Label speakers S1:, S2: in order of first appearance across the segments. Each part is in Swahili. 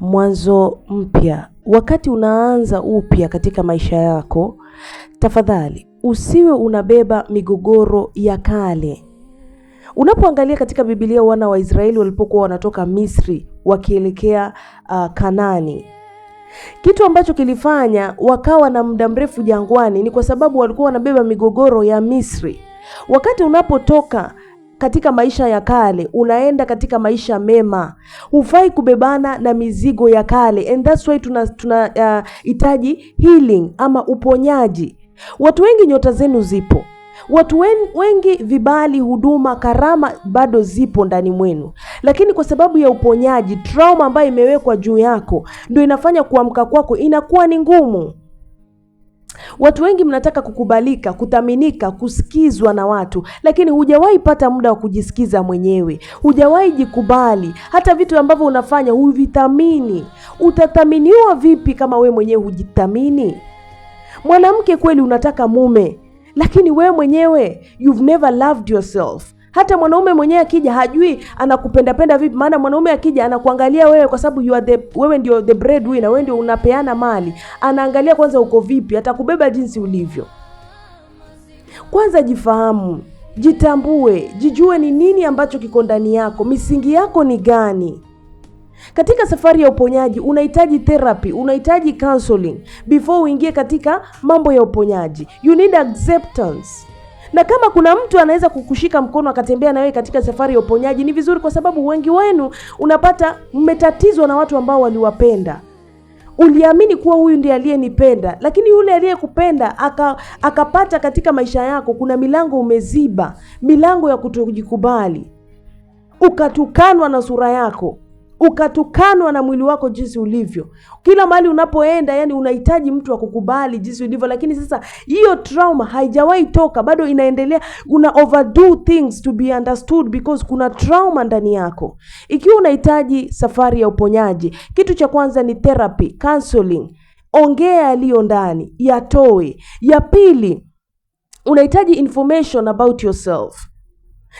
S1: mwanzo mpya. Wakati unaanza upya katika maisha yako, tafadhali usiwe unabeba migogoro ya kale. Unapoangalia katika Biblia, wana wa Israeli walipokuwa wanatoka Misri wakielekea uh, Kanani, kitu ambacho kilifanya wakawa na muda mrefu jangwani ni kwa sababu walikuwa wanabeba migogoro ya Misri. Wakati unapotoka katika maisha ya kale, unaenda katika maisha mema. Hufai kubebana na mizigo ya kale, and that's why tuna tunahitaji uh, healing ama uponyaji. Watu wengi nyota zenu zipo watu wengi vibali, huduma, karama bado zipo ndani mwenu, lakini kwa sababu ya uponyaji, trauma ambayo imewekwa juu yako ndio inafanya kuamka kwako inakuwa ni ngumu. Watu wengi mnataka kukubalika, kuthaminika, kusikizwa na watu, lakini hujawahi pata muda wa kujisikiza mwenyewe, hujawahi jikubali. Hata vitu ambavyo unafanya huvithamini. Utathaminiwa vipi kama we mwenyewe hujithamini? Mwanamke kweli unataka mume, lakini we mwenyewe you've never loved yourself. Hata mwanaume mwenyewe akija hajui anakupendapenda vipi, maana mwanaume akija anakuangalia wewe kwa sababu you are the, wewe ndio the breadwinner, wewe ndio unapeana mali. Anaangalia kwanza uko vipi, atakubeba jinsi ulivyo. Kwanza jifahamu, jitambue, jijue ni nini ambacho kiko ndani yako, misingi yako ni gani. Katika safari ya uponyaji unahitaji therapy, unahitaji counseling before uingie katika mambo ya uponyaji. You need acceptance. Na kama kuna mtu anaweza kukushika mkono akatembea na wewe katika safari ya uponyaji ni vizuri, kwa sababu wengi wenu unapata mmetatizwa na watu ambao waliwapenda uliamini kuwa huyu ndiye aliyenipenda, lakini yule aliyekupenda aka, akapata katika maisha yako, kuna milango umeziba, milango ya kutojikubali, ukatukanwa na sura yako ukatukanwa na mwili wako jinsi ulivyo. Kila mahali unapoenda, yani unahitaji mtu akukubali jinsi ulivyo, lakini sasa hiyo trauma haijawahi toka, bado inaendelea. Una overdo things to be understood because kuna trauma ndani yako. Ikiwa unahitaji safari ya uponyaji, kitu cha kwanza ni therapy, counseling. Ongea yaliyo ndani, yatoe. Ya pili, unahitaji information about yourself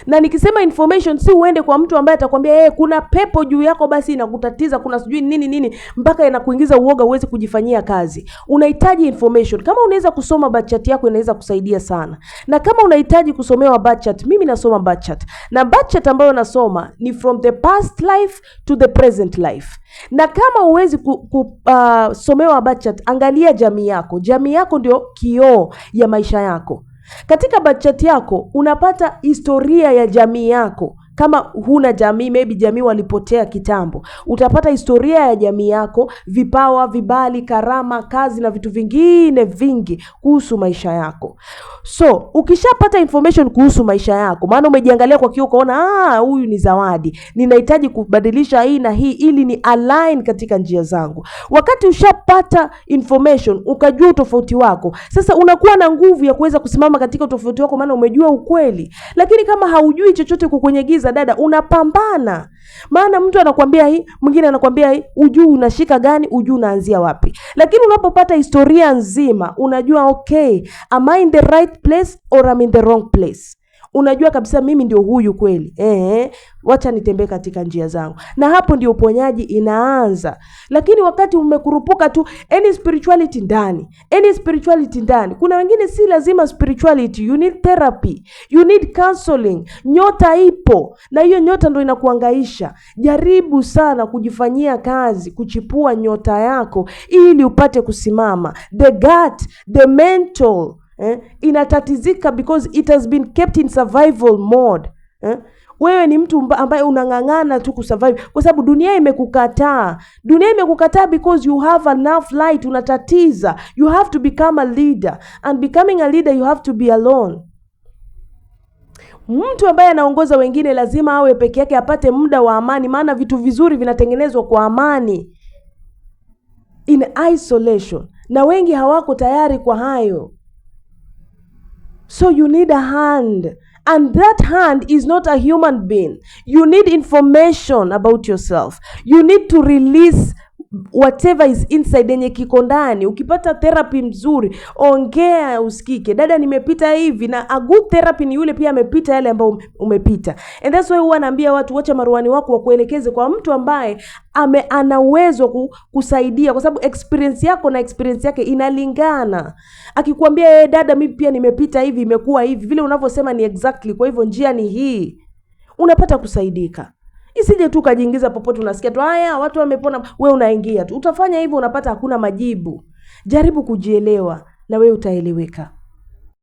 S1: na nikisema information, si uende kwa mtu ambaye atakwambia yeye kuna pepo juu yako, basi inakutatiza, kuna sijui nini nini, mpaka inakuingiza uoga, uweze kujifanyia kazi. Unahitaji information. Kama unaweza kusoma birth chart yako, inaweza kusaidia sana, na kama unahitaji kusomewa birth chart, mimi nasoma birth chart, na birth chart ambayo nasoma ni from the past life to the present life. Na kama uwezi kusomewa ku, uh, birth chart, angalia jamii yako. Jamii yako ndio kioo ya maisha yako. Katika bajeti yako unapata historia ya jamii yako, kama huna jamii, maybe jamii walipotea kitambo, utapata historia ya jamii yako, vipawa, vibali, karama, kazi na vitu vingine vingi kuhusu maisha yako. So ukishapata information kuhusu maisha yako, maana umejiangalia kwa kio ukaona, ah, huyu ni zawadi, ninahitaji kubadilisha hii na hii ili ni align katika njia zangu. Wakati ushapata information, ukajua utofauti wako, sasa unakuwa na nguvu ya kuweza kusimama katika utofauti wako, maana umejua ukweli. Lakini kama haujui chochote, uko kwenye giza za dada unapambana, maana mtu anakuambia hii, mwingine anakuambia hii, ujuu unashika gani, ujuu unaanzia wapi. Lakini unapopata historia nzima, unajua okay, am I in the right place or am in the wrong place unajua kabisa mimi ndio huyu kweli. Ehe, wacha nitembee katika njia zangu, na hapo ndio uponyaji inaanza. Lakini wakati umekurupuka tu, any spirituality ndani, any spirituality ndani. Kuna wengine si lazima spirituality, you need therapy, you need counseling. Nyota ipo na hiyo nyota ndio inakuangaisha. Jaribu sana kujifanyia kazi, kuchipua nyota yako ili upate kusimama, the gut, the mental eh, inatatizika because it has been kept in survival mode eh. Wewe ni mtu ambaye unang'ang'ana tu kusurvive kwa sababu dunia imekukataa. Dunia imekukataa because you have enough light, unatatiza. You have to become a leader and becoming a leader you have to be alone. Mtu ambaye anaongoza wengine lazima awe peke yake, apate muda wa amani, maana vitu vizuri vinatengenezwa kwa amani, in isolation, na wengi hawako tayari kwa hayo. So you need a hand. And that hand is not a human being. You need information about yourself. You need to release whatever is inside yenye kiko ndani. Ukipata therapy mzuri, ongea usikike, dada, nimepita hivi. Na a good therapy ni yule pia amepita yale ambayo umepita, and that's why huwa anaambia watu, wacha maruani wako wakuelekeze kwa mtu ambaye ame ana uwezo kusaidia, kwa sababu experience yako na experience yake inalingana. Akikwambia yeye, eh, dada, mimi pia nimepita hivi, imekuwa hivi, vile unavyosema ni exactly, kwa hivyo njia ni hii, unapata kusaidika. Isije tu ukajiingiza popote, unasikia tu haya watu wamepona, we unaingia tu. Utafanya hivyo, unapata hakuna majibu. Jaribu kujielewa na wewe utaeleweka.